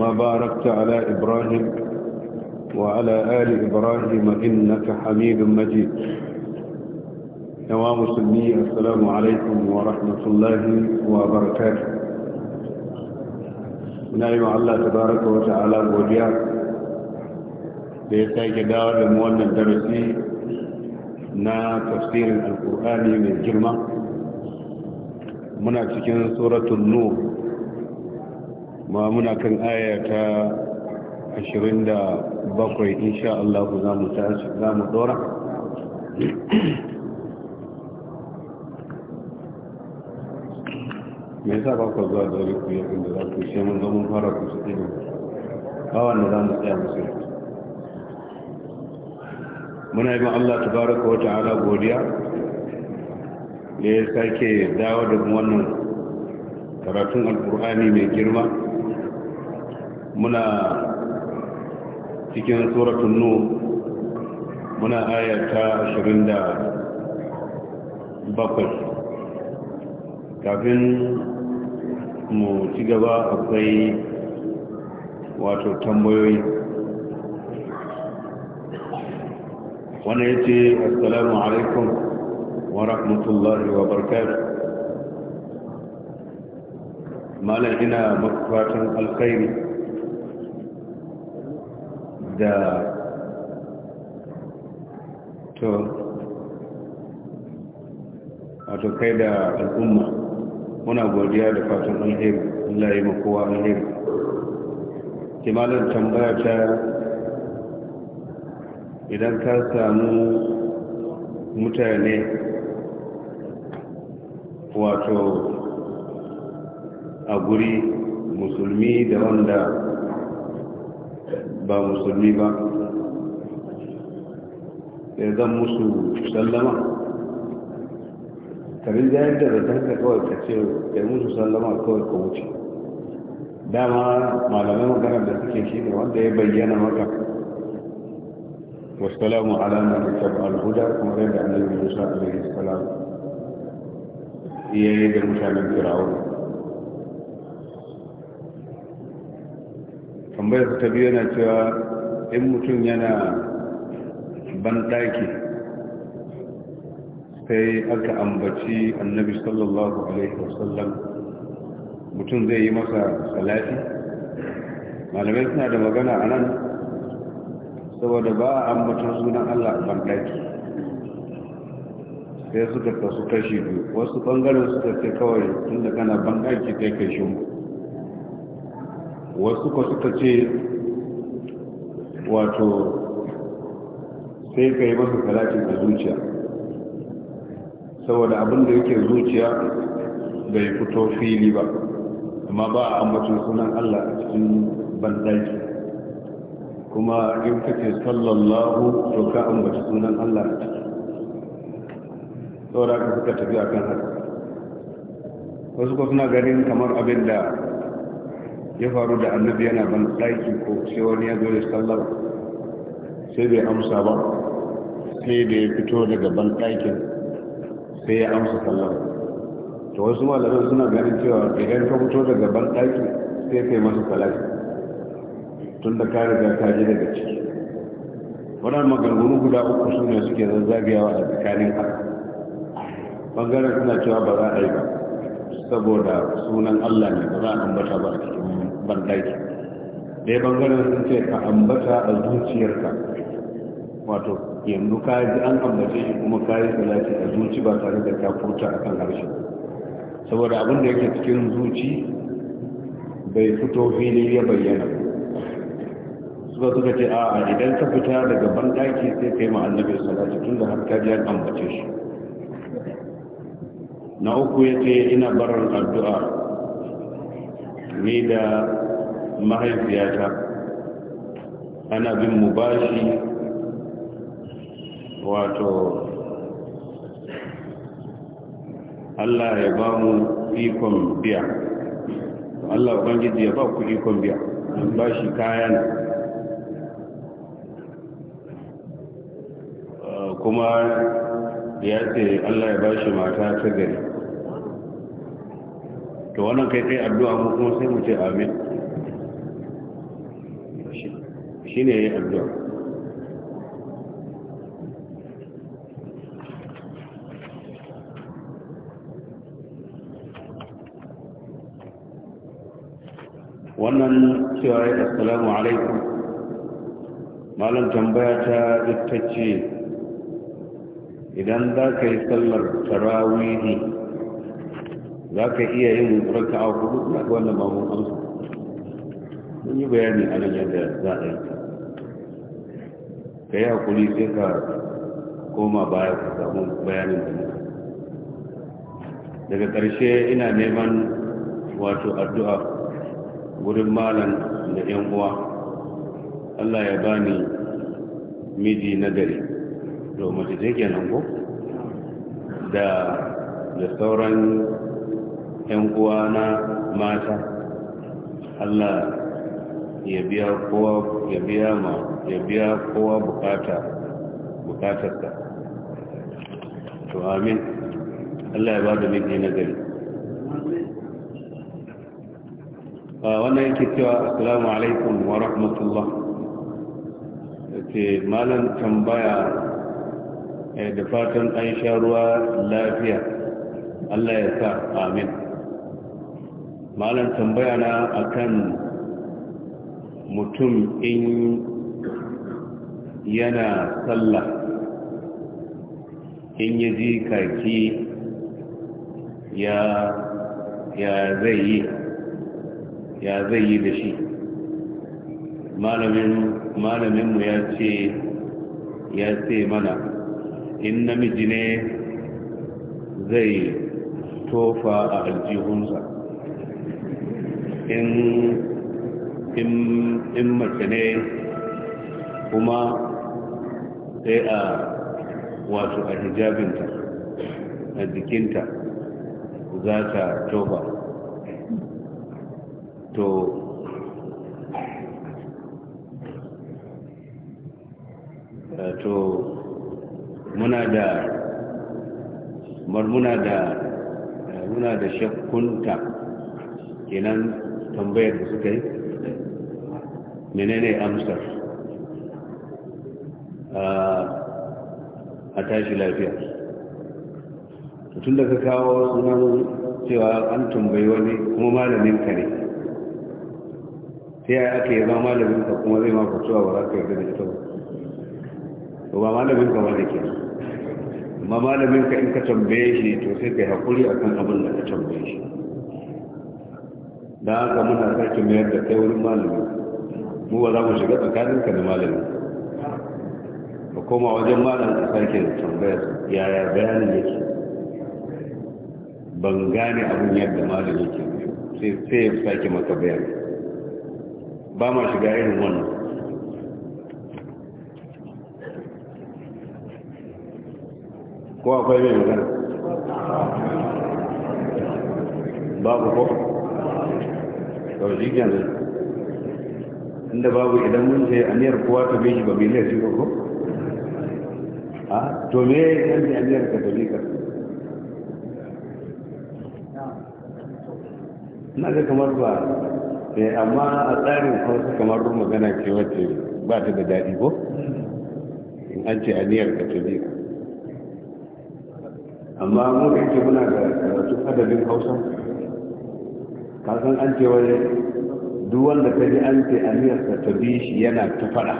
كما باركت على إبراهيم وعلى آل إبراهيم إنك حميد مجيد نواه مسلمي السلام عليكم ورحمة الله وبركاته نعم الله تبارك وتعالى وديا da ya sake dawo da mu wannan darasi na tafsirin alkur'ani mai girma muna cikin suratul nur ma muna kan aya ta 27 insha Allah za mu tashi za mu dora me yasa ba ku zuwa dole ku yi inda za ku shi mun zo mun fara ku shi ne ba wanda za mu tsaya musu muna yi ma Allah tabaraka wa ta'ala godiya da ya sake dawo da wannan karatun alkur'ani mai girma muna cikin suratun nu muna ayata 27 kafin mu ci gaba akwai wato tambayoyi Wani ya ce assalamu alaikum wa rahmatullahi wa barakatuh malam ina maka fatan alkhairi da to wato kai da al'umma muna godiya da fatan alheri Allah ya yi kowa alheri kimanin tambaya ta idan ka samu mutane wato a guri musulmi da wanda با مسلمي با اذن مسلم سلم ترين جاي ده بتنك تو تشيو ده مسلم سلم تو كوچي داما ما لما ما كان ده تشي شي ده وده يبين ما كان والسلام على من تبع الهدى ومريد عن النبي صلى الله عليه وسلم يا يد المشاهدين في tambayar ta biyu yana cewa in mutum yana banɗaki sai aka ambaci annabi sallallahu alaihi wasallam mutum zai yi masa salati malamai suna da magana a nan saboda ba a ambatan sunan allah a banɗaki sai suka kasu kashi biyu wasu bangaren suka ce kawai tun da kana banɗaki sai kai shi mu wasu ko suka ce wato sai ka yi masa talatin da zuciya saboda abin da yake zuciya bai fito fili ba amma ba a ambacin sunan allah a cikin bandaki kuma in ka ce sallallahu to ka ambaci sunan allah a ciki saboda ka suka tafi akan haka wasu ko suna ganin kamar abin da ya faru da annabi yana ban daki ko sai wani ya zo da sallar sai bai amsa ba sai da ya fito daga ban dakin sai ya amsa sallar to wasu malamai suna ganin cewa idan ka fito daga ban daki sai kai masa salat tun da ka riga ka je daga ciki wannan maganganu guda uku su ne suke zazzagewa a tsakanin haka bangaren suna cewa ba za a yi ba saboda sunan Allah ne ba za a ambata ba a cikin bandaki ɗaya bangaren sun ce ka ambata a zuciyarka wato yanzu ka ji an ambace shi kuma ka yi salati a zuci ba tare da ka furta a kan harshe saboda abin da yake cikin zuci bai fito fili ya bayyana suka suka ce a'a idan ka fita daga bandaki sai ka yi annabi salati tun da har ka ji an ambace shi na uku ya ce ina barin addu'a ni da mahaifiyata ana bin mu bashi wato Allah ya ba mu ikon biya Allah ubangiji ya ba ku ikon biya bashi kayan kuma ya ce Allah ya ba shi mata ta gari to wannan kai kai addu'a mu kuma sai mu ce amin shi ne ya yi addu'a wannan cewa ya assalamu alaikum malam tambaya ta ita ce idan za ka yi sallar tarawihi za ka iya yin raka a kudu na wannan ba amsa mun yi bayani a nan yadda za a yi ka yi hakuri sai ka koma baya ka samu bayanin da muka daga ƙarshe ina neman wato addu'a wurin malam da ‘yan uwa Allah ya bani miji na gari domin da take nan ko da sauran yan uwana mata Allah ya biya kowa ya biya ma ya biya kowa bukatarsa to amin Allah ya bada miji na gari a wannan yake cewa assalamu alaikum wa rahmatullah ce malam tambaya eh, da fatan an sha ruwa lafiya Allah ya sa amin malam tambaya na akan mutum in yana sallah in ya ji kaki ya zai yi ya zai yi da shi malaminmu ya ce ya ce mana in namiji ne zai tofa a aljihunsa in mace ne kuma sai a wato a hijabinta a jikinta za ta toba to eh, to muna da marmuna da muna da eh, shakkunta kenan tambayar da suka yi menene amsar a tashi lafiya tun da ka kawo sunan cewa an tambayi wani kuma malamin ka ne ta yaya aka yi zama malamin ka kuma zai mafi cewa ba za ka yi da ita ba ba malamin ka wanda ke ba malamin ka in ka tambaye shi to sai ka yi haƙuri kan abin da ka tambaye shi da aka muna sake mayar da kai wurin malami mu ba za mu shiga tsakaninka da malami ka koma wajen malam ka sake tambayar yaya bayanin yake ban gane abin yadda malam yake sai sai ya sake maka bayani ba ma shiga irin wannan ko akwai mai magana babu ko kawai shi kenan inda babu idan mun ce aniyar kowa ta bai shi ba miliyar shi ko a to me yan da aniyar ka ta ka na ga kamar ba sai eh, amma a tsarin hausa kamar magana ce wacce ba ta da daɗi ko in an ce aniyar ka ta ka amma mu da yake muna ga karatu adabin hausa kasan an ce wani duk wanda ta ji an ce aniyarsa ta bi shi yana ta fada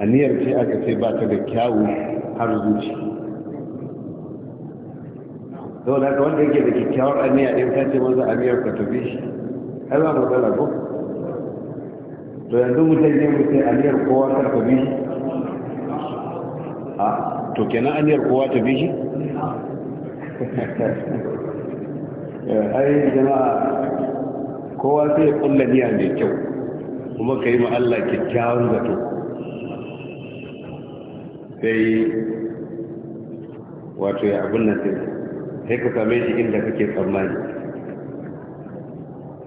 aniyar ce aka ce ba ta da kyawu har zuci sau da wanda yake da kyakkyawar aniya ɗin ta ce a aniyar ka ta bi shi ai ba matsala ko to yanzu mutum ne mutum aniyar kowa ta ta bi shi a to kenan aniyar kowa ta bi shi Eh, ai jama'a kowa sai ya kulla niyya mai kyau kuma ka yi ma Allah kyakkyawan zato sai wato ya abin nan sai sai ka same shi inda kake tsammani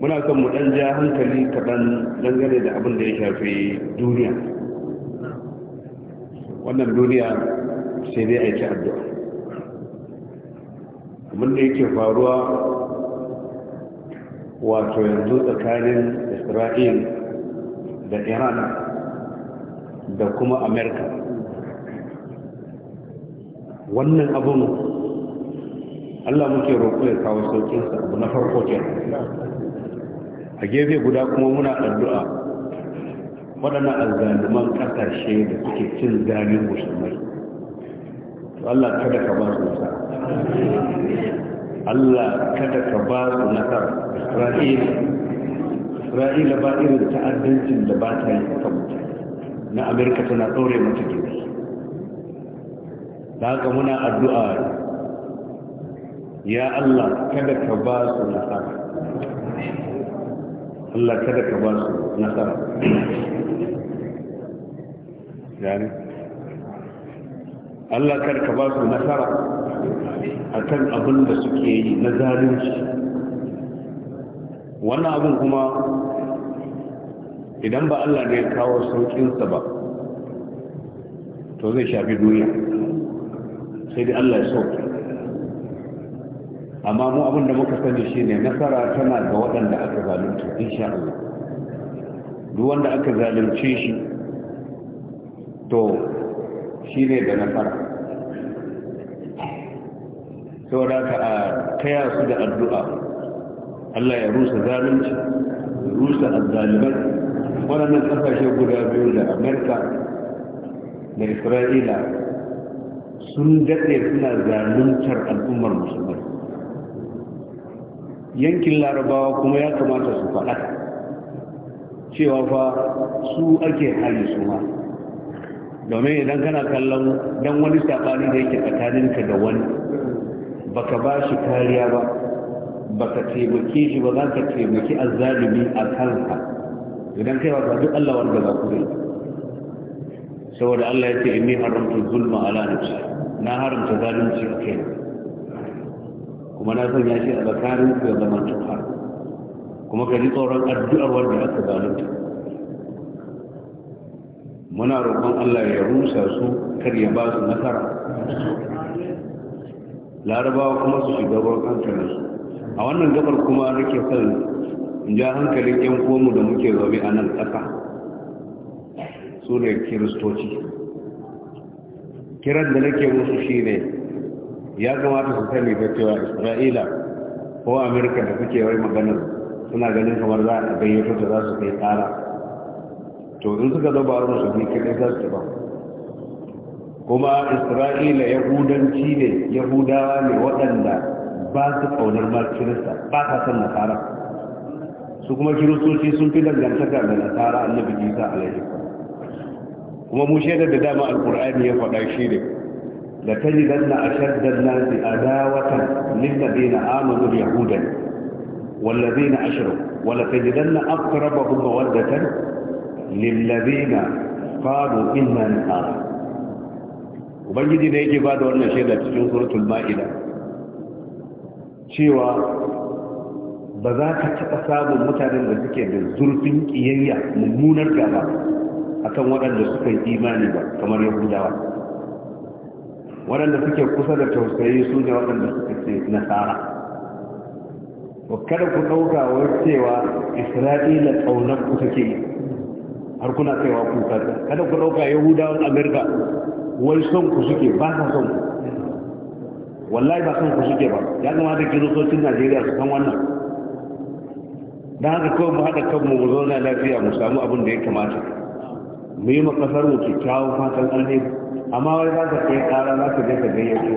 muna son mu ɗan ja hankali kaɗan dangane da abin da ya shafi duniya wannan duniya sai dai a yi addu'a abin da yake faruwa wato yanzu tsakanin isra'il da iran da kuma amerika wannan abin allah muke roƙo ya kawo sauƙinsa abu na farko ke a gefe guda kuma muna addu'a waɗannan azzaluman ƙasashe da suke cin zanen musulmai Allah kada ka ba su Allah kada ka ba su nasar Isra'ila Isra'ila ba irin ta'addancin da ba ta yi ta mutane na Amerika tana ɗaure mata gini da haka muna addu'a ya Allah kada ka ba su nasar Allah kada ka ba su nasar Yeah. Allah karka ba su nasara a kan abin da suke yi na zalunci wannan abin kuma idan ba Allah ne kawo sauƙinsa ba to zai shafi duniya sai dai Allah ya sauƙi amma mu abin da muka sani ne, nasara tana ga waɗanda aka zalunta insha Allah duk wanda aka zalunce shi to shi ne da sau da ka a kaya su da addu'a Allah ya rusa zalunci rusa azzalibai waɗannan ƙasashe guda biyu da amerika da isra'ila sun daɗe suna zaluntar al'ummar musulman yankin larabawa kuma ya kamata su faɗa cewa fa su ake hali su ma domin idan kana kallon dan wani sabani da yake tsakaninka da wani baka ba shi kariya ba baka taimake shi ba za ka a zalibi a kansa idan kai wasa duk Allah wanda za ku saboda Allah ya ce inni haramtu zulma ala nafsi na haramta zalunci a kai kuma na sanya shi a tsakanin ku ya zama tuka kuma ka ji tsoron addu'ar wanda aka zalunta muna roƙon Allah ya rusa su kar ya ba su nasara larabawa kuma su shiga hankalin su a wannan gabar kuma nake son in ja hankalin yan komu da muke zabe a nan ƙasa su ne kiristoci kiran da nake musu shi ne ya kamata su sani da cewa isra'ila ko amurka da kuke wai maganar suna ganin kamar za a gayyato da za su kai tsara to in suka zama a musulmi kaɗai za su ba kuma isra'ila yahudanci ne yahudawa ne waɗanda ba su ƙaunar ma kirista ba ta san nasara su kuma kiristoci sun fi dangantaka da nasara annabi isa alaihi kuma mu shaidar da dama alkur'ani ya faɗa shi ne da tajidanna ashaddan nasi adawatan lilladheena amanu yahudan والذين أشركوا ولتجدن أقربهم مودة lillazina qalu inna nasara ubangiji ne yake bada wannan shaida cikin suratul ma'ida cewa ba za ka taɓa samun mutanen da suke da zurfin ƙiyayya mummunar gaba akan waɗanda suka yi imani ba kamar yahudawa waɗanda suke kusa da tausayi su ne waɗanda suka ce nasara kada ku ɗaukawa cewa isra'ila ƙaunar ku take har kuna kaiwa kuka kada ku dauka yahudawan amerika wai son ku suke ba sa son ku wallahi ba son ku suke ba ya kamata kiristocin najeriya su san wannan don haka kawai mu haɗa kanmu mu zauna lafiya mu samu abin da ya kamata mu yi makasar mu kyakkyawan fatan alheri amma wai za ka kai kara za ka je ka gayyato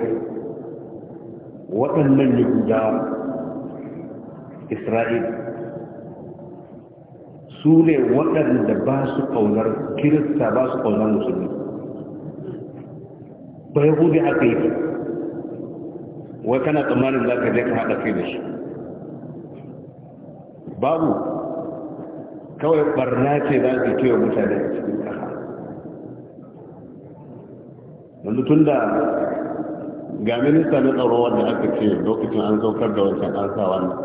waɗannan yahudawa isra'ila su ne waɗanda ba su ƙaunar kirista ba su ƙaunar musulmi ba ya hudu aka yi wai kana tsammanin za ka je ka haɗa kai da shi babu kawai ɓarna ce za ka kewa mutane a cikin ƙasa yanzu tun da ga minista na tsaro wanda aka ce lokacin an saukar da wancan an sa wannan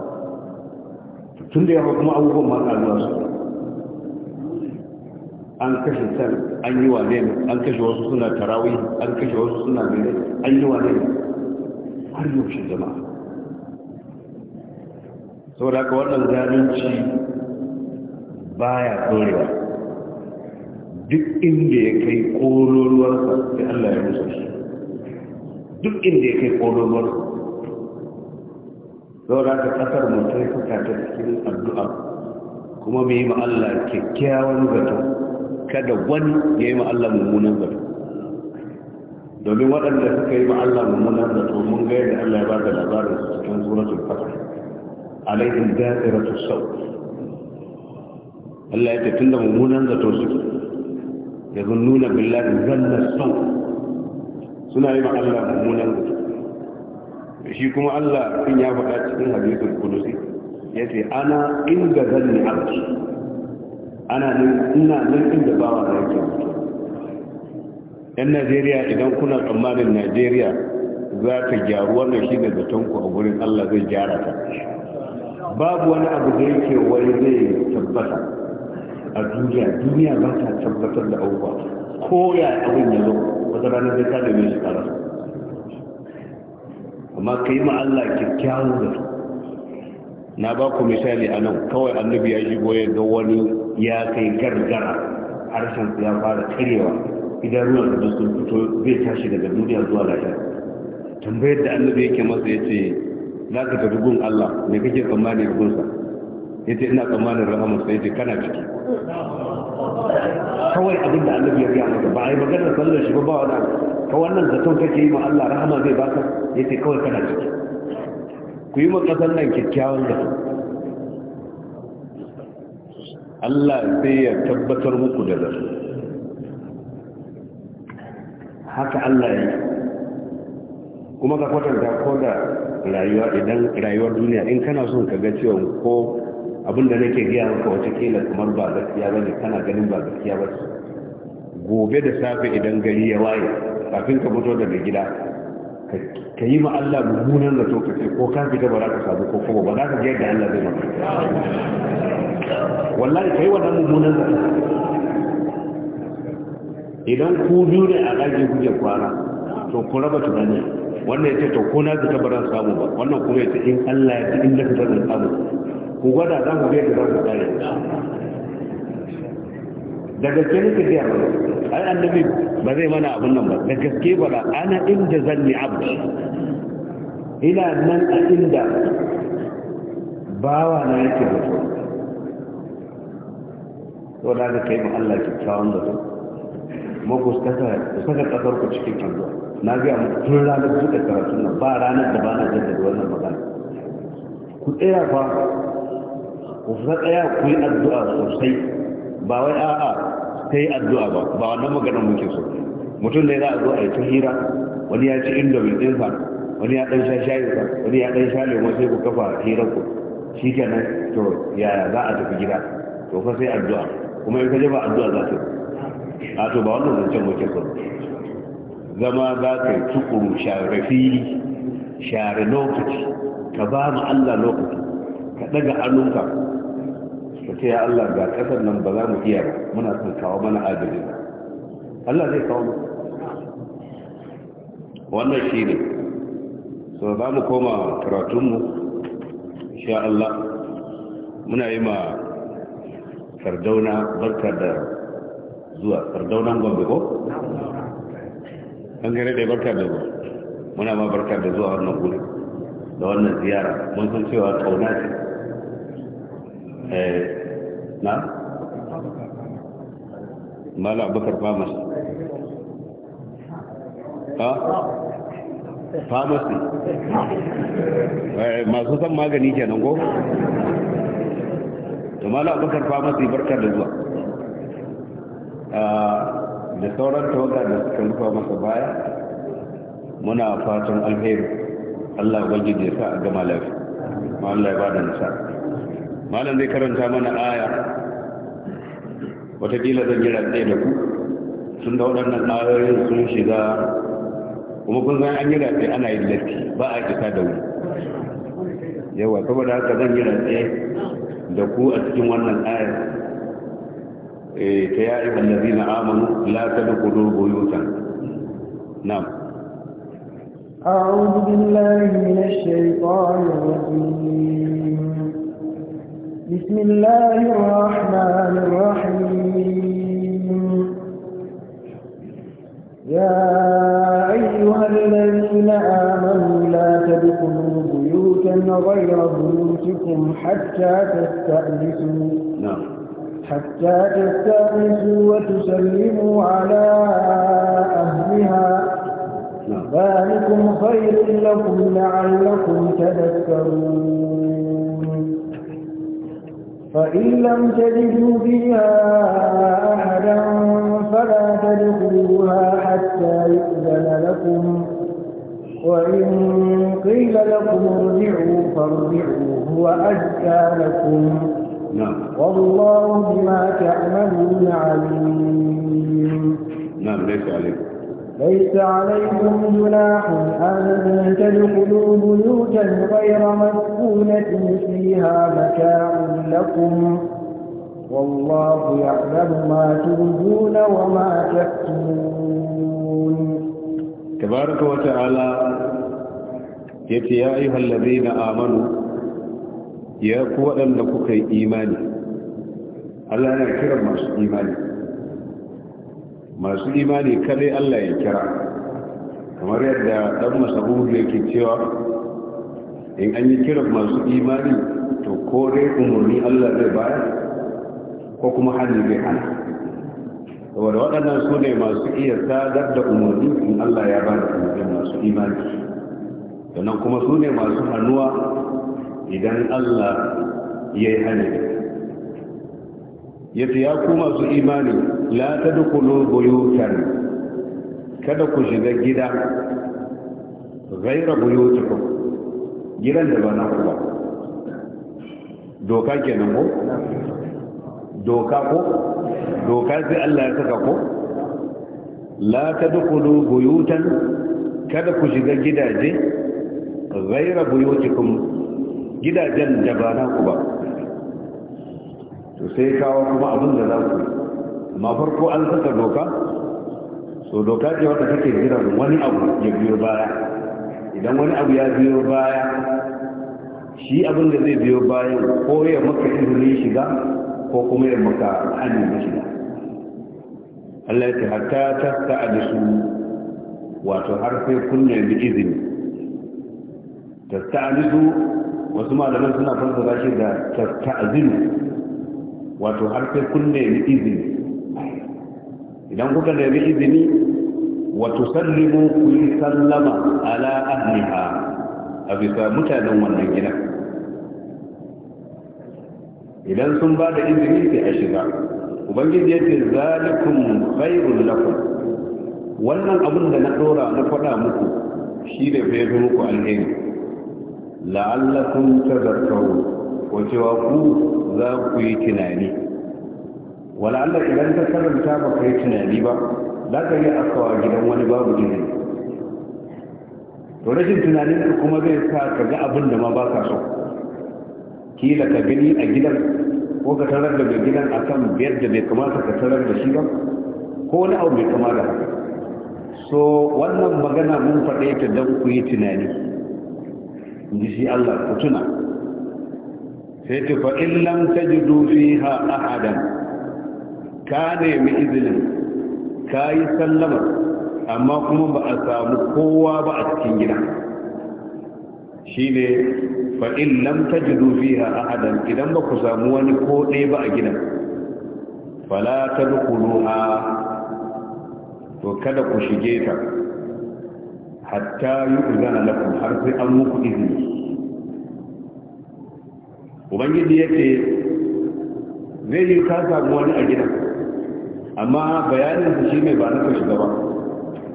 tun da yawa kuma abubuwan masu zuwa su an kashe can an yi wane ne an kashe wasu suna tarawi an kashe wasu suna gari, an yi wane ne har yaushe jama'a saboda ka wannan zalunci baya dorewa duk inda ya kai ƙololuwarsa sai Allah ya rusa shi duk inda ya kai ƙololuwarsa saboda ka kasar mutum ka ta cikin addu'a kuma mai yi ma Allah kyakkyawan zato kada wani ya yi ma Allah mummunan zato domin waɗanda suka yi ma Allah mummunan zato mun ga yadda Allah ya ba da labarin su cikin suratul fatah alaihim da'iratu sau Allah ya ce da mummunan zato suke yanzu nuna billahi zanna sau suna yi ma Allah mummunan zato shi kuma Allah sun ya faɗa cikin hadisul kudusi ce ana inda zanni abu ana nan ina nan inda bawa na yake mutu yan najeriya idan kuna tsammanin najeriya za ta gyaru wannan shi da zatonku a gurin allah zai gyara ta babu wani abu da yake wani zai tabbata a duniya duniya ba ta tabbatar da abubuwa ko ya abin ya wata rana zai ta dame shi karasa amma ka yi ma allah kyakkyawan da na ba ku misali a nan kawai annabi ya shigo ya ga wani ya kai gargara harshen ya fara karewa ruwa da sun fito zai tashi daga duniya zuwa lafiya tambayar da annabi yake masa ya ce za ka tafi gun Allah me kake tsammani a gunsa ya ce ina tsammanin rahama sai ce kana ciki kawai abin da annabi ya gaya maka ba a yi maganar sallar shi ba ba wani ka wannan zaton kake yi ma Allah rahama zai baka ya ce kawai kana ciki ku yi ma ƙasar nan kyakkyawan da. Allah sai ya tabbatar muku da zato haka Allah ya kuma ka kwatanta ko da rayuwa idan rayuwar duniya in kana son ka ga cewa ko abin da nake gaya maka wata kila kamar ba gaskiya bane kana ganin ba gaskiya ba gobe da safe idan gari ya waye kafin ka fito daga gida ka ka yi ma Allah mummunan da to kace ko ka fita ba za ka sabu ko kuma ba za ka ga yadda Allah zai maka wallahi kai wannan mummunan da idan ku biyu ne a gaji kuke kwana to ku raba tunani wannan ya ce to ko na fita ba za samu ba wannan kuma ya ce in Allah ya ci in da fita zan samu ku gwada za ku ga yadda za ku tsare da gaske nake gaya ai annabi ba zai mana abin nan ba da gaske ba da ana inda zanni abdi ina nan a inda bawa na yake da to to da ga kai mu Allah ki tsawon da mu ku saka saka kasar ku cikin kanzo na ga mu tun ranar suka karatu nan ba ranar da ba na jaddada wannan magana ku tsaya fa ku tsaya ku yi addu'a sosai ba wai a'a ta yi addu'a ba ba wannan maganar muke so mutum ne za a zo a yi ta hira wani ya ci indomin ɗinsa wani ya ɗan sha shayinsa wani ya ɗan sha lemon sai ku kafa hirar ku shi kenan to ya za a tafi gida to fa sai addu'a kuma in ka je ba addu'a za ta a to ba wannan zancen muke so zama za ka yi tukuru share fili share lokaci ka ba mu Allah lokaci ka ɗaga hannunka ka ce ya Allah ga ƙasar nan ba za mu iya ba muna son kawo mana adalci Allah zai kawo wannan shi ne so za mu koma karatunmu insha Allah muna yi ma sardauna barka da zuwa sardaunan gombe ko? an gane da barka da zuwa muna ma barka da zuwa wannan guri da wannan ziyara mun san cewa kauna ce eh, na mala abubakar famas ha famasi eh, masu san magani kenan ko to mala abubakar famasi barka da zuwa ah, da sauran tawaga da suka rufa masa baya muna fatan alheri Allah ubangiji ya sa a gama lafiya ma Allah ya bada nasara malam zai karanta mana aya watakila zan yi rantsai da ku sun da waɗannan ayoyin sun shiga kuma kun san an yi rantsai ana yin latti ba a kisa da wuri yawa saboda haka zan yi rantsai da ku a cikin wannan ayar eh, ta ya'i wallazi na amanu la ta kudu buyutan na'am أعوذ بالله من الشيطان الرجيم بسم الله الرحمن الرحيم يا أيها الذين آمنوا لا تدخلوا بيوتا غير بيوتكم حتى تستأنسوا نعم حتى تستأنسوا وتسلموا على أهلها نعم. ذلكم خير لكم لعلكم تذكرون فإن لم تجدوا فيها أحدا فلا تدخلوها حتى يؤذن لكم وإن قيل لكم ارجعوا فارجعوا هو أزكى لكم نعم والله بما تعملون عليم نعم ليس عليكم ليس عليكم جناح أن تدخلوا بيوتا غير مسكونة فيها متاع لكم والله يعلم ما تبدون وما تكتمون تبارك وتعالى يتي يا أيها الذين آمنوا يا قوة في إيماني الله يكرم إيماني masu imani kadai Allah ya kira kamar yadda dan masahuhu yake cewa in an yi kiran masu imani to ko dai umarni Allah zai bayar ko kuma hannu zai hana saboda waɗannan su ne masu iya sadar da umarni in Allah ya ba da umarni masu imani sannan kuma su ne masu hannuwa idan Allah ya yi hannu yace ya ku masu imani la ta tadkhulu buyutan kada ku shiga gida zaira buyutukun gidan da ba na ku ba doka kenan ko doka ko doka sai Allah ya saka ko la ta tadkhulu buyutan kada ku shiga gidaje zaira buyutukun gidajen da ba na ku ba to sai kawo kuma abin da za ku amma farko an saka doka so doka ce wata take jiran wani abu ya biyo baya idan wani abu ya biyo baya shi abin da zai biyo baya ko ya maka izini shiga ko kuma ya maka hannun shiga Allah ya hatta ta sa'adu su wato har sai kun nemi izini ta ta su wasu malaman suna fassara shi da ta ta'azinu wato har sai kun nemi izini idan kuka nemi izini wa sallimu ku yi sallama ala ahliha a bisa mutanen wannan gina idan sun ba da izini sai a shiga ubangiji ya ce zalikum khairul lakum wannan abin da na dora na faɗa muku shi da fa muku alheri la'allakum tazakkaru ko cewa ku za ku yi tunani wala'alla idan ka karanta ba ka yi tunani ba za ka yi askawa gidan wani babu izini to rashin tunanin ka kuma zai sa ka ga abin da ma ba ka so kila ka gani a gidan ko ka tarar da mai gidan kan biyar da bai kamata ka tarar da shi ba ko wani abu mai kama da haka so wannan magana mun faɗe ta don ku yi tunani in ji shi Allah ku tuna heti fa in lam tajidu fiha ahadan kane mi izinin kayi sallama amma kuma ba a samu kowa ba a cikin gida shine fa in lam tajidu fiha ahadan idan ba ku samu wani ko ɗaya ba a gidan fala tadkhuluha to kada ku shige ta hatta yu'zana lakum har sai an muku izini ubangiji ya ce zai yi ka samu wani a gida? amma su shi ne ba na kashi gaba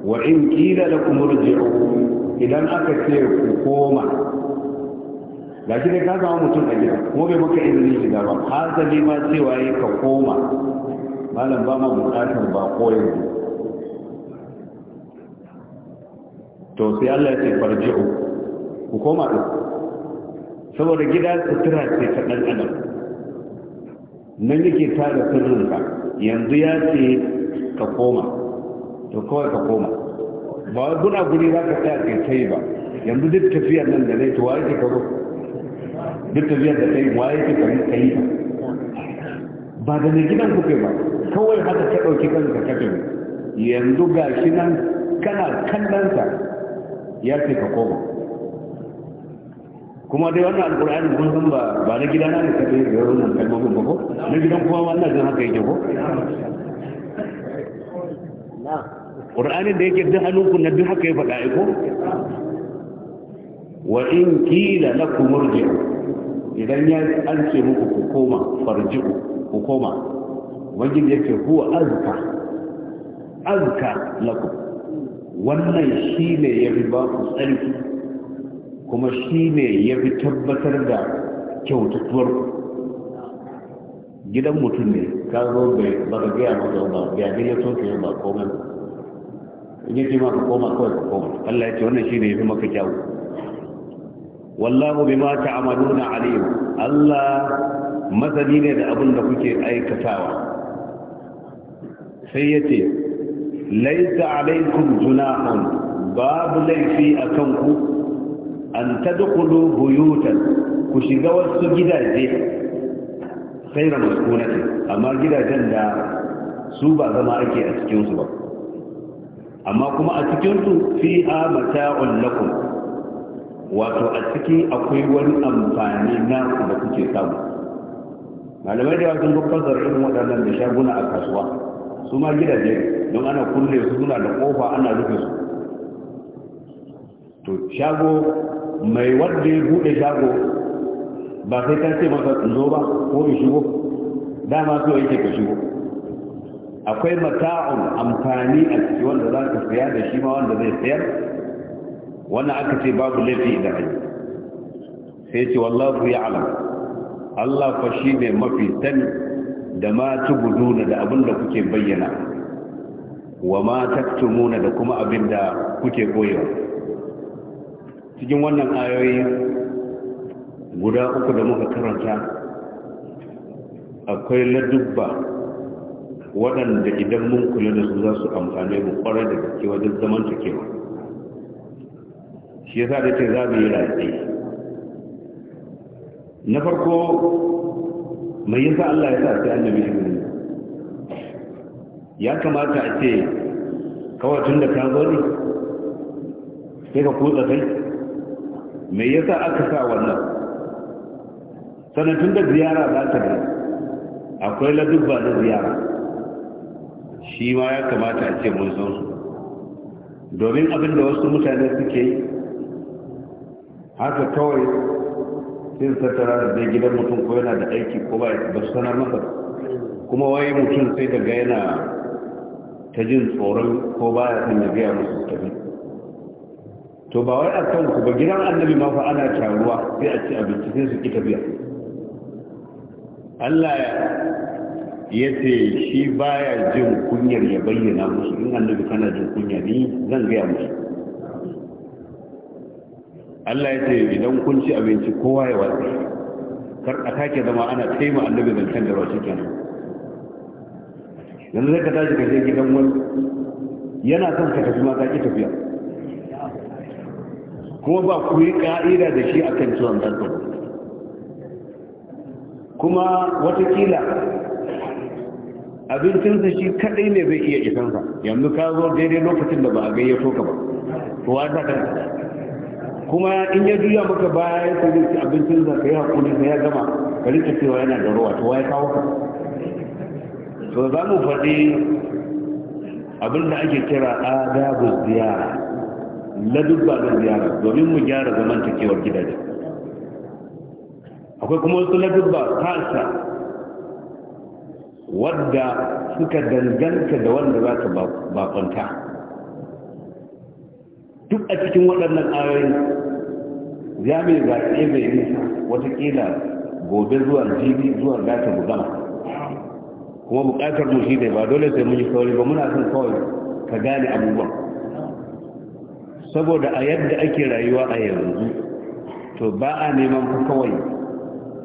wa in kila da kuma rujewa idan aka ce ku koma ga shi ne ka samu mutum a gida, kuma bai maka izini shiga ba hasali ma cewa yi ka koma malam ba ma bukatar ba koyar yanzu to sai Allah ya ce farji'u ku koma din saboda gida sutura ce ta ɗan adam nan yake tara sirrinka yanzu ya ce ka koma to kawai ka koma ba wai guna guri za ka tsaya ta yi ba yanzu duk tafiyar nan da nai to waye ke karo duk tafiyar da kai wa ke kari yi ba ba da mai gidan kuke ba kawai haka ka ɗauki kanka ka tafi yanzu shi nan kana kallon ya ce ka koma kuma dai wannan alkur'ani kun san ba ba na gidana ne yi da wannan kalmomin ba ko na gidan kuma wannan zan haka yake ko ƙur'anin da yake duk hannun na duk haka ya faɗa ko wa in kila lakum murji'u idan ya an ce muku ku koma farji'u ku koma ubangiji yake huwa azka azka lakum wannan shine ya riba ku tsarki kuma shi ne ya fi tabbatar da kyautatuwar gidan mutum ne ka zo bai baka gaya maka ba bai abin ya soke ba komai in yi ma ka koma kawai ka koma Allah ya ce wannan shi ne ya fi maka kyawu wallahu bima ta'maluna alim Allah masani ne da abin da kuke aikatawa sai ya ce laisa alaikum junahun babu laifi akan ku an dukulu buyutan ku shiga wasu gidaje sai da maskunati amma gidajen da su ba zama ake a cikinsu ba amma kuma a cikin fi fi mata'un lakum wato a ciki akwai wani amfani na da kuke samu malamai da wajen fassara irin waɗannan da shaguna a kasuwa su ma gidaje don ana kulle su suna da kofa ana rufe su to shago mai wanda ya buɗe shago ba sai ta ce masa zo ba ko in shigo dama so yake ka shigo akwai mata'un amfani a ciki wanda za ka saya da shi ma wanda zai sayar wannan aka ce babu laifi da ai sai ce wallahu ya'lam Allah fa shi ne mafi sani da ma tubuduna da abin da kuke bayyana wa ma taktumuna da kuma abin da kuke koyewa cikin wannan ayoyi guda uku da muka karanta akwai ladubba waɗanda idan mun kula da su za su amfane mu ƙwarar da gaske wajen zaman takewa shi yasa da ce za mu yi ratsi na farko mai yasa Allah ya sa sai annabi shi ya kamata a ce kawai tun da ta zo ne sai ka kutsa kai me yasa aka sa wannan Sanatun da ziyara za ta da akwai ladubba na ziyara shi ma ya kamata a ce mun san su domin abin da wasu mutane suke yi haka kawai sun tattara da zai gidan mutum ko yana da aiki ko ba ba su sanar masa kuma waye mutum sai daga yana ta jin tsoron ko ba ya san ya gaya musu tafi to ba wai a kan ku ba gidan annabi ma fa ana taruwa sai a ci abinci sai su ki tafiya Allah ya ce shi baya jin kunyar ya bayyana musu in annabi kana jin kunya ni zan gaya musu Allah ya ce idan kun ci abinci kowa ya watsa kar a take zama ana taima annabi zancen da rashi kenan yanzu zai ka tashi ka je gidan wani yana son ka tafi ma ka ki tafiya ko ba ku yi ka'ida da shi akan ciwon kansa kuma watakila abincinsa shi kadai ne zai iya isansa yanzu ka zo daidai lokacin da ba a gayyato ka ba kowa ta kan kuma in ya juya maka baya ya sai ci abincinsa ka yi hakuri sai ya gama ka rike cewa yana da ruwa to wai kawo ka to za mu faɗi abin da ake kira adabu ziyara ladubba da ziyara domin mu gyara zamantakewar gidaje akwai kuma wasu ladubba kansa wadda suka danganta da wanda za ta bakonta duk a cikin waɗannan ayoyi ya mai zaɓe mai nisa watakila gobe zuwa jibi zuwa gata mu kuma buƙatar mu shi ne ba dole sai mun yi sauri ba muna son kawai ka gane abubuwan saboda a yadda ake rayuwa a yanzu to ba a neman ku kawai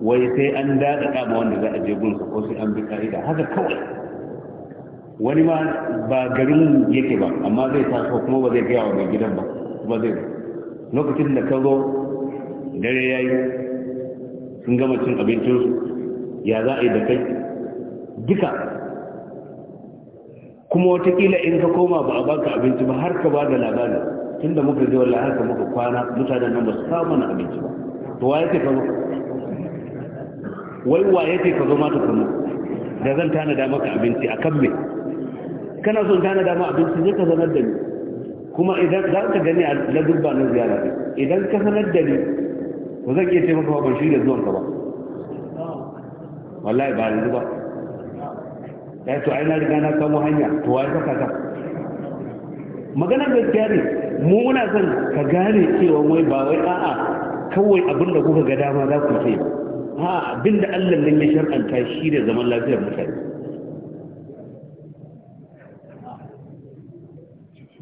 wai sai an daɗa ma wanda za a je gunsa ko sai an bi ka'ida haka kawai wani ma ba garin yake ba amma zai taso kuma ba zai gaya wa mai gidan ba ba zai lokacin da ka zo dare ya yi sun gama cin abincinsu ya za a yi da kai duka kuma watakila in ka koma ba a baka abinci ba har ka ba da labarin Tunda da muka je wallahi haka muka kwana mutanen nan ba su kawo mana abinci ba to waye ke kazo wai waye ke kazo ma ta kuma da zan tanada maka abinci a kan me kana son tanada ma abinci zai ka sanar da ni kuma idan za ka gani a ladurba na ziyara idan ka sanar da ni ba zan iya taimaka ba ban shirya zuwanka ba wallahi ba yanzu ba ya eh, to ai na riga na kamo hanya to waye saka ka maganar gaskiya ne mu muna son ka gane cewa wai ba wai a'a kawai abin da kuka ga dama za ku ce ha abin da Allah ne ya shar'anta shi da zaman lafiyar mutane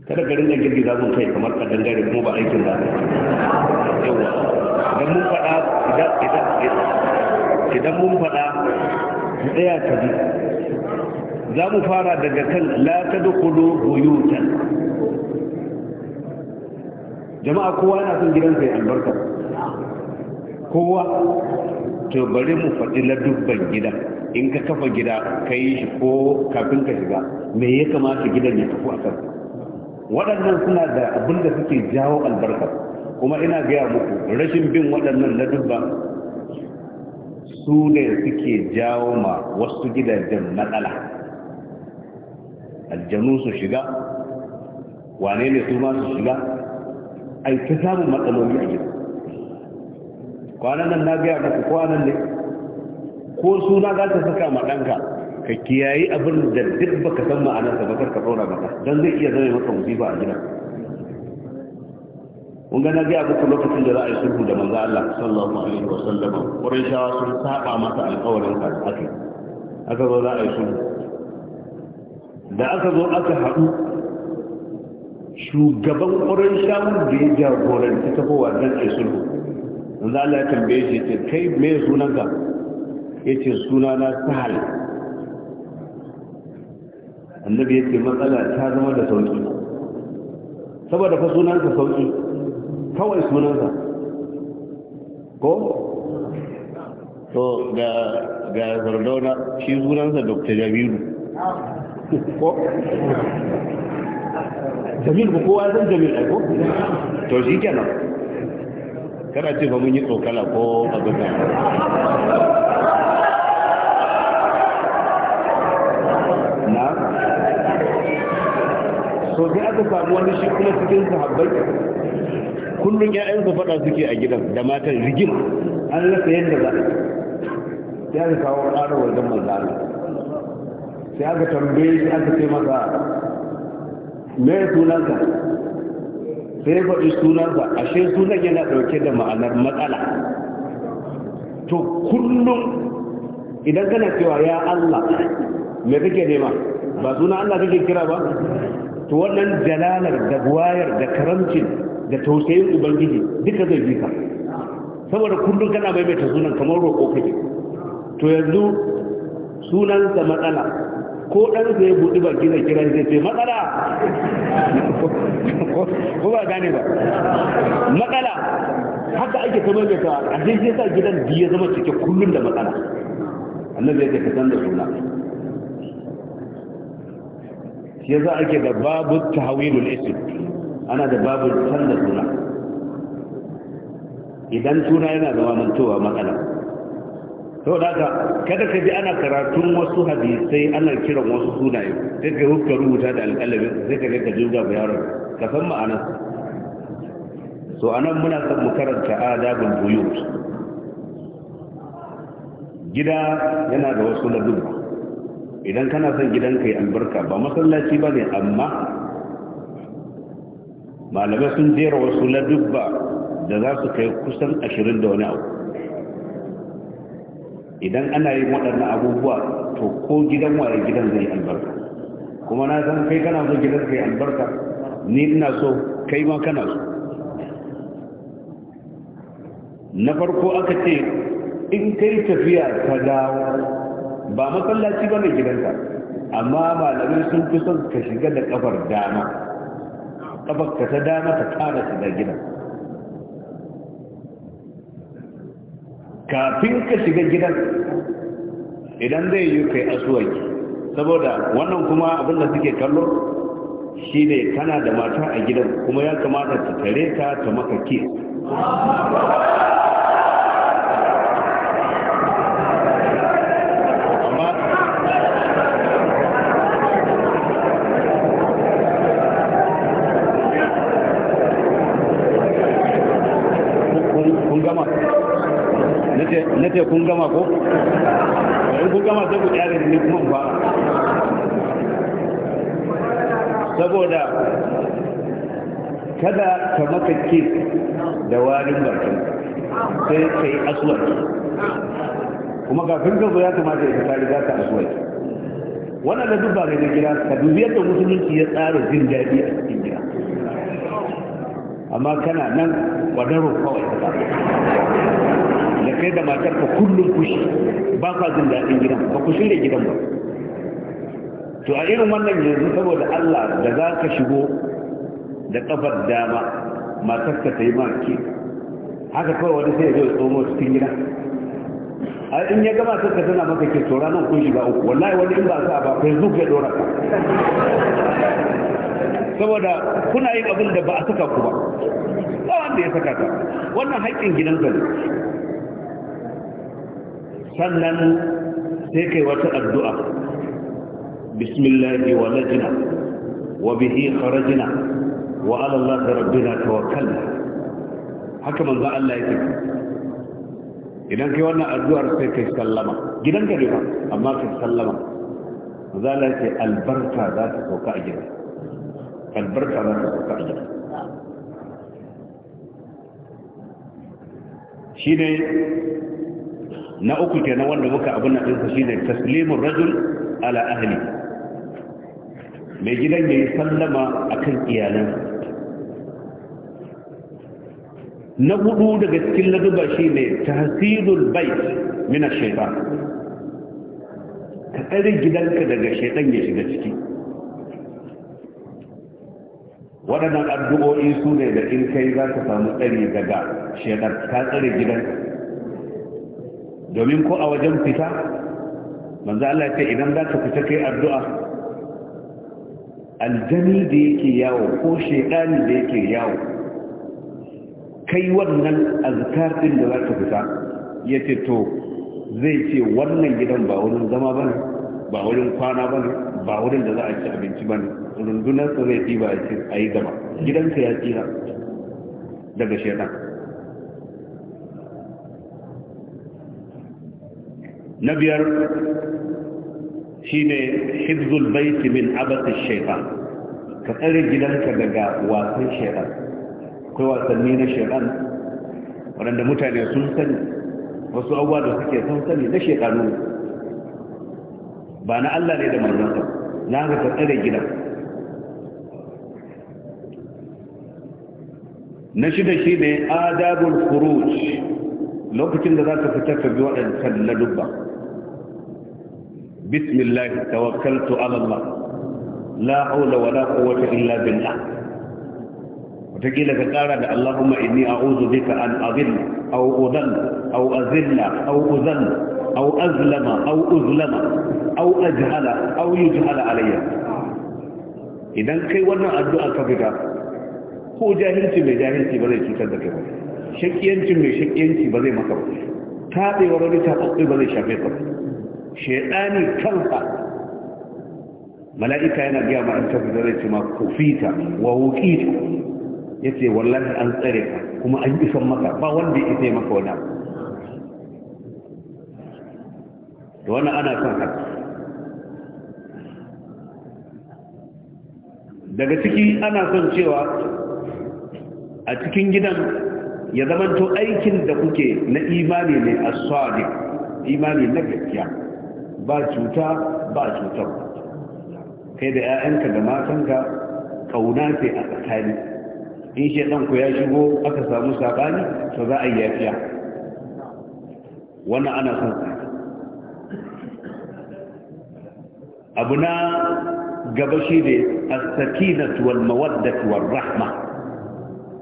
kada ka rinka girgiza mun kai kamar kadan dangare kuma ba aikin ba yawa idan mun fada idan idan idan mun faɗa mu tsaya ka bi za mu fara daga kan la tadkhulu buyutan jama'a kowa yana son gidansa ya albarka kowa to bari mu faɗi ladubban gida in ka kafa gida ka yi shi ko kafin ka shiga me ya kamata gidan ya tafi a kan waɗannan suna da abin da suke jawo albarka kuma ina gaya muku rashin bin waɗannan ladubba su ne suke jawo ma wasu gidajen matsala aljanu su shiga wane ne su ma su shiga ai ta samun matsaloli a gida kwanan nan na gaya maka kwanan ne ko suna za ta saka ma ɗanka ka kiyayi abin da duk baka san ma'anarsa ba karka ɗora maka don zai iya zama maka musiba a gida kun ga na ga muku lokacin da za a yi sulhu da manzo Allah sallallahu alaihi wa sallama Qurayshawa sun saba masa alƙawarin sa aka aka zo za a yi sulhu da aka zo aka haɗu shugaban ƙoron shamun da ya jagoranci kowa don a sulhu za a ya tambaye shi ce kai me sunan ka ya ce suna na sahal annabi ya ce matsala ta zama da sauƙi saboda fa sunansa sauƙi kawai sunansa ko to ga zardauna sardauna shi sunansa dr jamilu ko jamil ko kowa zan jamil ai ko to shi kenan kada ce ba mun yi tsokala ko abin na so sai aka samu wani shi kuma cikin sahabbai kullum su faɗa suke a gidan da matan rigim an lafa yadda ba Ya zai kawo ƙarar wajen mazalar sai aka tambaye shi aka ce masa mai sunansa sai faɗi sunansa ashe sunan yana ɗauke da ma'anar matsala to kullum idan kana cewa ya Allah me kake nema ba suna Allah kake kira ba to wannan jalalar da buwayar da karamcin da tausayin ubangiji duka zai bi saboda kullum kana maimaita sunan kamar roƙo kake to yanzu sunansa matsala ko ɗan ya buɗi baki gina kiran zai ce matsala ko ba gane ba matsala haka ake ta ta a zai sa gidan biyu ya zama cike kullum da matsala annabi ya ka san da suna ya za ake da babu tahawilul ism ana da babu san da suna idan suna yana zama mantowa matsala sau kada ka ji ana karatun wasu hadisai ana kiran wasu sunaye sai ka hukka rubuta da alƙalamin sai ka ga ka juga ga yaron ka san ma'anar so anan muna son mu karanta adabul buyut gida yana da wasu ladubi idan kana son gidanka ya albarka ba masallaci ba ne amma malamai sun jera wasu ladubba da za su kai kusan ashirin da wani abu idan ana yin waɗannan abubuwa to ko gidan waye gidan zai albarka kuma na san kai kana so gidan zai albarka ni ina so kai ma kana so na farko aka ce in kai tafiya ka dawo ba masallaci ba ne gidanka amma malamai sun fi son ka shiga da kafar dama kafar ka ta dama ta kara shiga gidan kafin ka shiga gidan idan zai yi kai asuwaki saboda wannan kuma abin da suke kallo shi ne tana da mata a gidan kuma ya kamata ta tare ta ta maka kiyar na ce kun gama ko in kun gama sai ku kyale ni kuma ba saboda kada ka maka kif da warin bakin sai ka yi aswaki kuma kafin ka zo ya kamata ya ka za ka aswaki wannan da dubba ne na gida ka dubi yadda musulunci ya tsara jin daɗi a cikin gida amma kana nan kwadaro kawai ka da kai da matar ka kullum kushi ba ka jin daɗin gidan ba ku shirya gidan ba to a irin wannan yanzu saboda Allah da za ka shigo da kafar dama matar ka tayi maki haka kawai wani sai ya zo ya tsomo cikin gidan a in ya gama sai ka tana maka ke tsora nan kun shiga uku wallahi wani in ba sa ba facebook ya dora ka saboda kuna yin abin da ba a saka ku ba ba wanda ya saka ta wannan haƙƙin ka ne sannan sai kai wata addu'a bismillahi wa lajina wa bihi kharajina wa ala Allah rabbina tawakkalna haka manzo Allah yake idan kai wannan addu'ar sai kai sallama gidanka ne ba amma kai sallama manzo Allah yake albarka za ta sauka a gidan albarka za ta sauka a gidan shi ne na uku kenan wanda muka abin na ɗinsa shi ne taslimin rajul ala ahli mai gidan ya yi sallama a kan iyalan na hudu daga cikin laduba shi ne tasirul bai mina shaifa ka tsare gidanka daga shaidan ya shiga ciki waɗannan addu'o'i su ne da in kai za ka samu tsari daga shaidan ka tsare gidanka domin ko a wajen fita manzo Allah ce idan za ka fita kai addu'a aljani da yake yawo ko shedani da yake yawo kai wannan azkar din da za ka fita yace to zai ce wannan gidan ba wurin zama bane ba wurin kwana bane ba wurin da za a ci abinci bane rundunar sa zai ba a ce a yi gaba gidanka ya tsira daga shaitan نبيل شيني حفظ البيت من عبث الشيطان كأري جلالك دقاء واسن شيطان كوى سنين شيطان ولن نمتعني سلسل وسوء أولو سكي سلسل لا شيطانو بانا ألا ليدا مرنطا نعم كأري جلال نشد شيني آداب الخروج لو كتن لذاتك تفجوع الكل لدبا bismillah tawakkaltu ala Allah la haula wala quwwata illa billah wataƙila ka ƙara da Allahumma inni a'udhu bika an azilla aw udall aw azilla aw uzall aw azlama aw uzlama aw ajhala aw yujhala alayya idan kai wannan addu'a ka ko jahilci mai jahilci ba zai cutar da kai ba shakiyancin mai shakiyanci ba zai maka ba ba zai shafe ba shaidani kansa mala'ika yana gaya ma an tafi zai ce ma kufita wa wukita ya ce wallahi an tsare ka kuma an isan maka ba wanda ya isa maka wani da wani ana son haka daga ciki ana son cewa a cikin gidan ya zamanto aikin da kuke na imani ne a sadiq imani na gaskiya ba cuta ba cutar kai da 'ya'yanka da matanka kauna ce a tsakani in shaidan ya shigo aka samu sabani to za a yi yafiya wannan ana son abu na gaba shi ne as-sakinatu wal rahma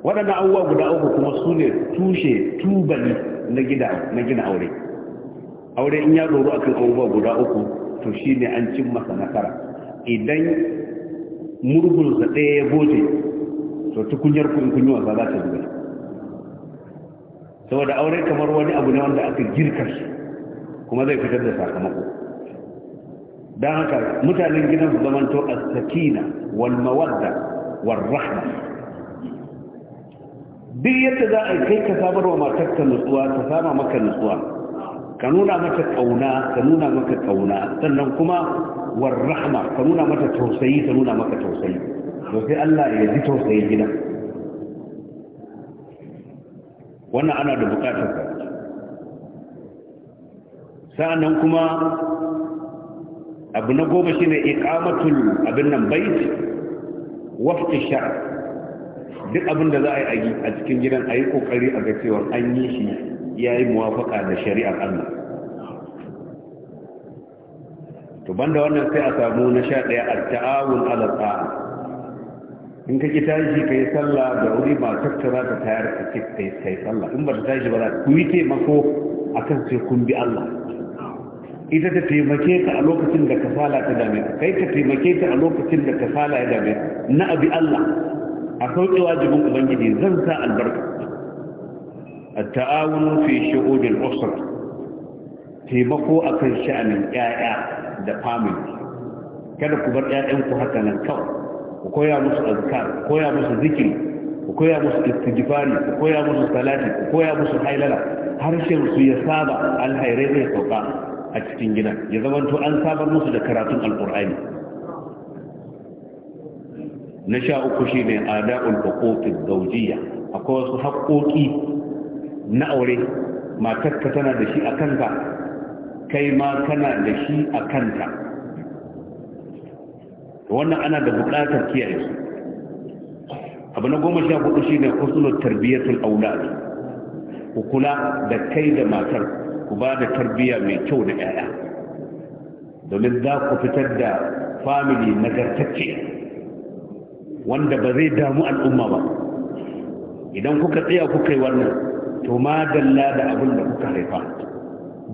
waɗannan abubuwa guda uku kuma su ne tushe tubali na gina aure aure in ya doro akan abubuwa guda uku to ne an cin masa nasara idan murgunsa ɗaya ya goje to tukunyar kun kun yi za ta zuba saboda aure kamar wani abu ne wanda aka girka shi kuma zai fitar da sakamako don haka mutanen gidan su zamanto as-sakina wal mawadda wal rahma duk yadda za a kai ka sabar wa matarka nutsuwa ta sama maka nutsuwa ka nuna mata kauna ka nuna maka kauna sannan kuma war rahma ka nuna mata tausayi ka nuna maka tausayi to sai Allah ya ji tausayi gidan wannan ana da bukatar ka sa'annan kuma abu na goma shine iqamatul abin nan bait wafti shar duk abin da za a yi a cikin gidan a yi kokari a ga cewa an yi shi ya yi muwafaka da shari'ar Allah to banda wannan sai a samu na sha ɗaya a ta'awun ala tsa'a in ka ki tashi ka yi sallah da wuri ba tattara da tayar ka ce ka yi sallah in ba ta tashi ba za ku yi taimako a kan sai kun bi Allah ita ta taimake ka a lokacin da kasala ta dame ka kai ka taimake ta a lokacin da kasala ya dame na abi Allah a sauƙi wajibin ubangiji zan sa albarka التعاون في شؤون الأسرة taimako akan sha'anin ƴaƴa da family kada ku bar ƴaƴanku haka nan kawai ku koya musu azkar ku koya musu zikiri ku koya musu istighfari ku koya musu salati ku koya musu hailala harshen su ya saba alhairai zai sauka a cikin gida ya zamanto an samar musu da karatun alqur'ani na sha uku shine ada'ul huquqi zawjiyya akwai wasu haƙoƙi na aure matarka tana da shi a kanta kai ma kana da shi a kanta wannan ana da buƙatar kiyaye su abu na goma sha hudu shi ne husnul tarbiyyatul aulad ku kula da kai da matar ku ba da tarbiyya mai kyau da 'ya'ya domin za ku fitar da famili nagartacce wanda ba zai damu al'umma ba idan kuka tsaya kuka yi wannan to ma dalla da abin da kuka haifa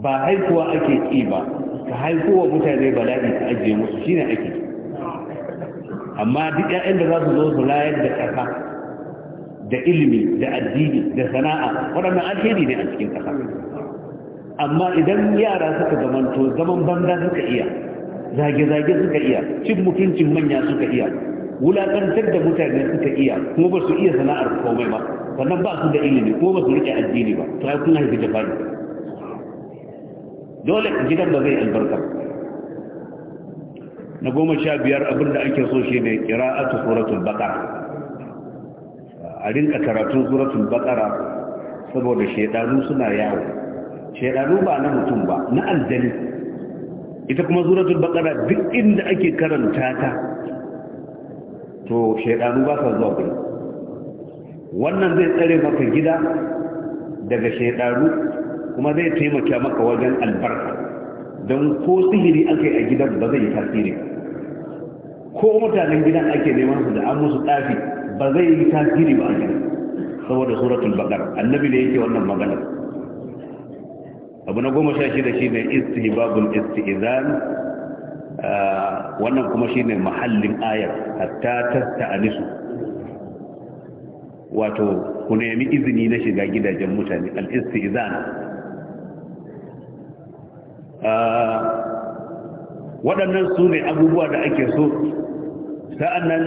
ba haihuwa ake ƙi ba ka haihuwa mutane bala'i ka ajiye musu ne ake amma duk ƴaƴan da za su zo su layar da ƙasa da ilimi da addini da sana'a waɗannan alheri ne a cikin ƙasa amma idan yara suka zamanto zaman banza suka iya zage-zage suka iya cin mutuncin manya suka iya wulaƙantar da mutane suka iya kuma ba su iya sana'ar komai ba wannan ba su da ilimi ko ba su rike addini ba to ai kun haifi da fadi dole gidan ba zai albarka na goma sha biyar abinda ake so shi ne qira'atu suratul baqara a rinka karatun suratul baqara saboda shedanu suna yawo shedanu ba na mutum ba na aljani ita kuma suratul baqara duk inda ake karanta ta to shedanu ba sa zuwa gurin wannan zai tsare maka gida daga shaidaru kuma zai taimaka maka wajen albarka don ko sihiri aka a gidan ba zai yi tasiri ko mutanen gidan ake neman su da an musu tsafi ba zai yi tasiri ba a gidan saboda suratul bakar annabi ne yake wannan magana abu na goma sha shida shi shine istihbabul istizan ah, wannan kuma shi ne mahallin ayar hatta ta ta'anisu. wato ku nemi izini na shiga gidajen mutane al-istizan ah, waɗannan su ne abubuwa da ake so sa'annan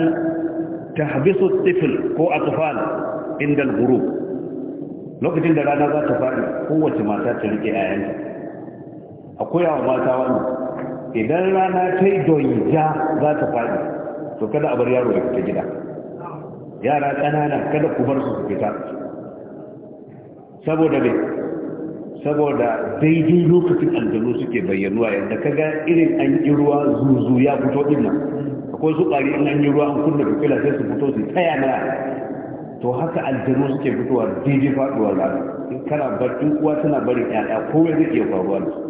tahbisu tifl ko atfal inda al-ghurub lokacin da rana za ta fadi kowace mata ta rike ayanta akwai yawa mata wani idan rana ta yi doyi za ta fadi to kada a bar yaro ya fita gida yara ƙanana kada ku bar su fita saboda ne saboda daidai lokacin aljanu suke bayyanuwa yadda ga irin an yi ruwa zuzu ya fito din nan akwai su ƙari in an yi ruwa an kunna fitila sai su fito su tsaya na to haka aljanu suke fitowa daidai faɗuwar rana in kana bar uwa tana barin ƴaƴa kowai zai iya faruwa da su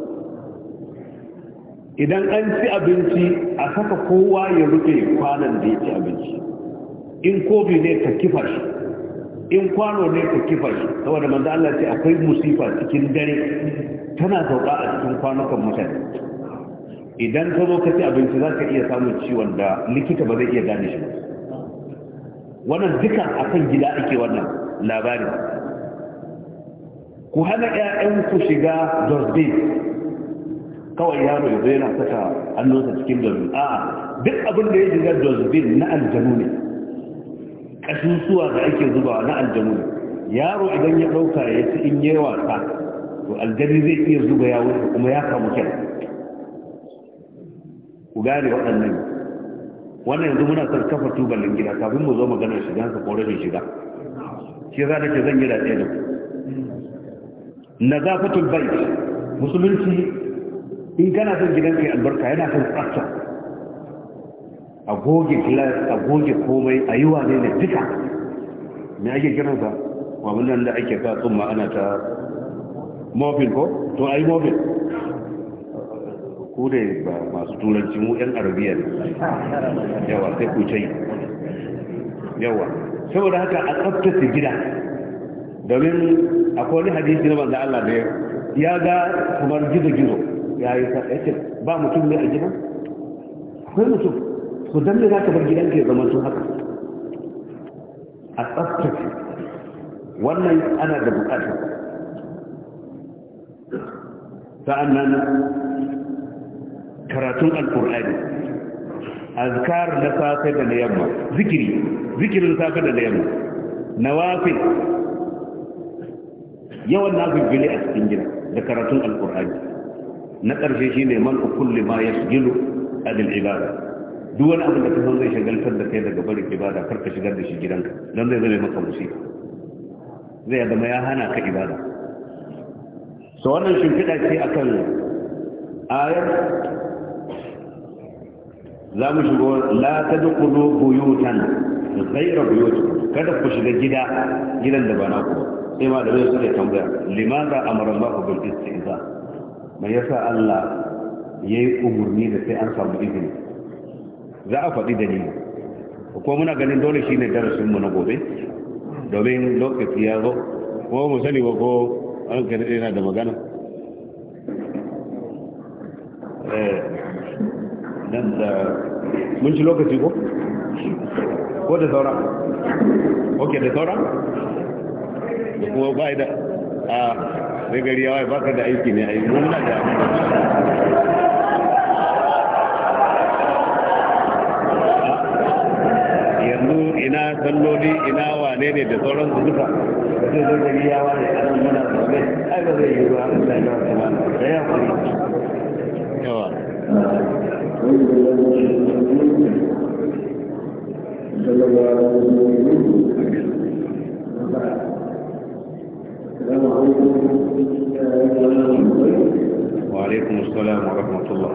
idan an ci abinci a saka kowa ya rufe kwanan da ya ci abinci in kofi ne ka kifa shi in kwano ne ka kifa shi saboda manzo Allah ce akwai musifa cikin dare tana sauka a cikin kwanukan mutane idan ka zo ka ci abinci za ka iya samun ciwon da likita ba zai iya gane shi wannan duka akan gida ake wannan labari ku hana 'ya'yanku shiga dustbin kawai yaro ya zai yana saka hannunsa cikin dustbin a'a duk abin da ya shiga dustbin na aljanu ne ƙasusuwa da ake zubawa na aljanu yaro idan ya ɗauka ya ci in yawa ta to aljani zai iya zuba yawon kuma ya kamu kyan ku gane waɗannan wannan yanzu muna son kafa tubalin gida kafin mu zo maganar shiga ka kore rashin shiga shi za da ke zan gida ɗaya da ku nazafatul bayt musulunci in kana son gidan kai albarka yana son tsafta a goge glass a goge komai a yi wane ne duka me ake kiransa wannan da ake ka tsumma ana ta mobil ko to a yi mobin ku ba masu turanci mu 'yan arabiya ne yawa sai ku tai yawa saboda haka a tsaftace gida domin akwai wani hadisi na manzo Allah da ya ga kamar gizo gizo ya yi sa ce ba mutum ne a gidan akwai mutum ku dan da zaka bar gidanka ya zama haka a tsaftace wannan ana da bukatar nan, karatun alkur'ani azkar na safe da na yamma zikiri zikirin safe da na yamma na nawafil yawan na nafilfili a cikin gida da karatun alkur'ani na ƙarshe shi ne man kulli ma ya yasjilu adil ibada duk wani abin da ka san zai shagaltar da kai daga barin ibada kar ka shigar da shi gidanka don zai zama maka musiba zai zama ya hana ka ibada so wannan shimfiɗa ce kan ayar za mu shigo la ta dukulu buyutan ghayra buyutan kada ku shiga gida gidan da ba na ku sai ma da zai suka tambaya limaza amara Allah bil istiza mai yasa Allah ya yi umurni da sai an samu izini za a faɗi dalili ko muna ganin dole shi ne darasinmu na gobe domin lokaci ya zo ko mu sani ba ko an gani yana da magana eh, nan da mun ci lokaci ko ko da saura ok da saura da kuma ba da a ah, zagari yawa ba da aiki ne a yi muna da ina salloli ina wane ne da sauran su duka sai zai gari ya wane a nan muna zaune ai ba zai yi ruwa a sai ya kuma da ya kuma yawa وعليكم السلام ورحمة الله.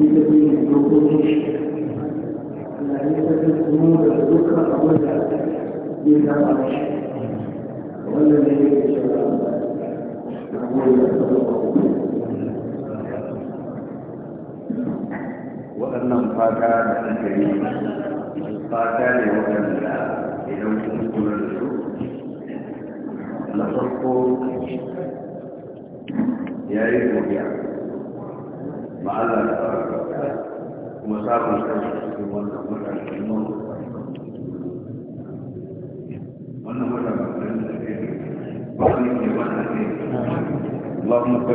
بجميع الوقوف لا يستطيع الامور fata da aka yi fata ne waɗanda idan kun kula da su na farko ya yi godiya ma Allah ya fara gaba kuma sabon kashi cikin wannan mutane kuma wannan mutane da ke ba ne wannan ne Allahumma